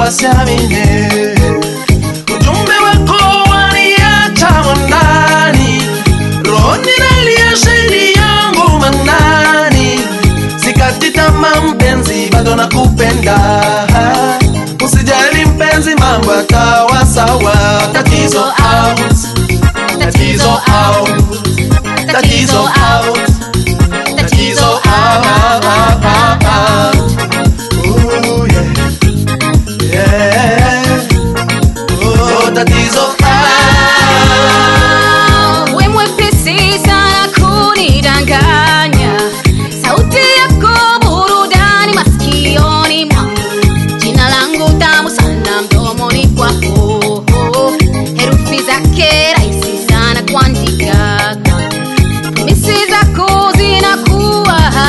wasabine ujumbe wako waniacha yangu manani sikati tamaa mpenzi bado nakupenda usijali mpenzi mambo yatawa sawa tatizo au tatizo au tatizo au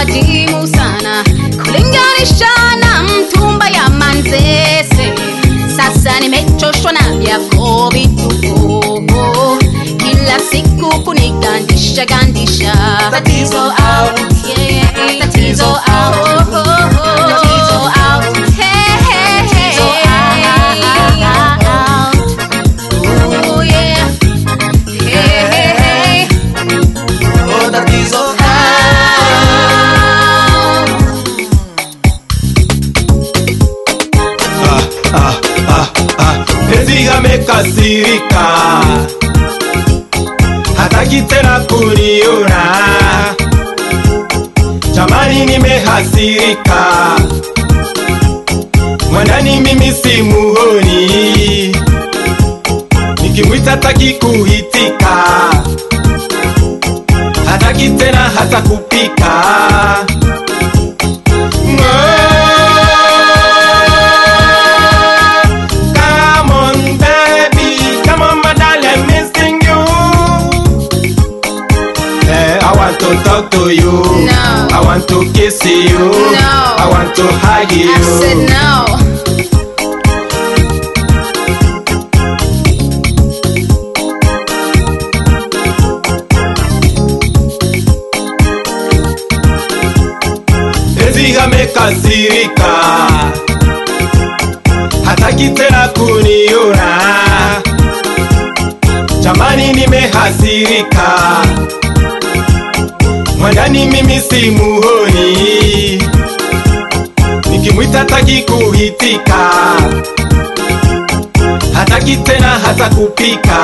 adimu sana kulinganisha na mtumba ya Manzese. Sasa nimechoshwa na vyako vituko, kila siku kunigandisha gandisha, tatizo au kuzibika, hataki tena kuliona. Jamani, nimehasirika, mwanani mimi simuoni, nikimwita taki kuhitika, hataki tena hata kupika to talk to you. No. I want to kiss you. No. I want to hug you. I said no. Eziga hataki tena kuniona, jamani, nimehasirika mwandani mimi si muhoni, nikimwita taki kuhitika, hataki tena hata kupika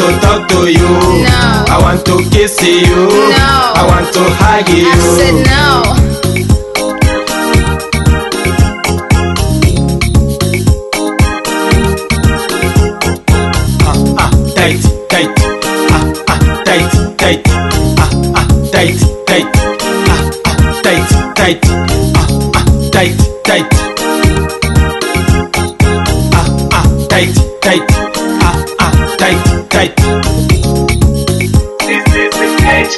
want to talk to you. No. I want to kiss you. No. I want to hug you. I said no. Ah, ah, tight, tight. Ah, ah, tight, tight. Ah, ah, tight, tight. Ah, ah, tight, tight. Ah, ah, tight, tight. Ah, ah, tight, tight tight. This is the catch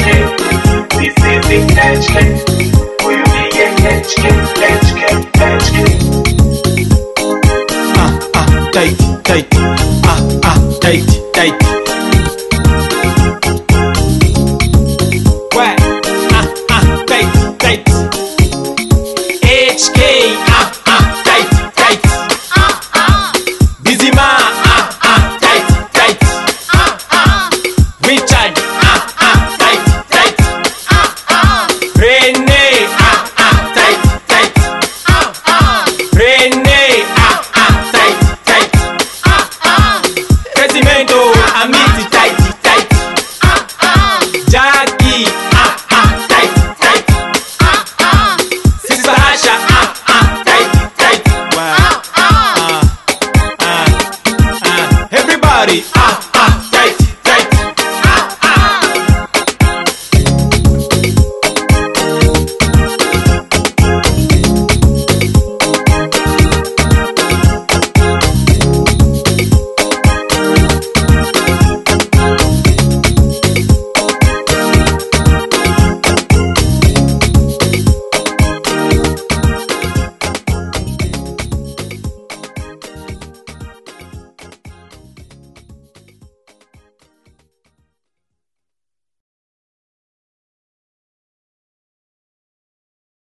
This is the catch game. Will be a catch catch catch Ah ah tight, tight. Ah ah tight, tight. Whack. Ah ah tight, tight. HK. cimento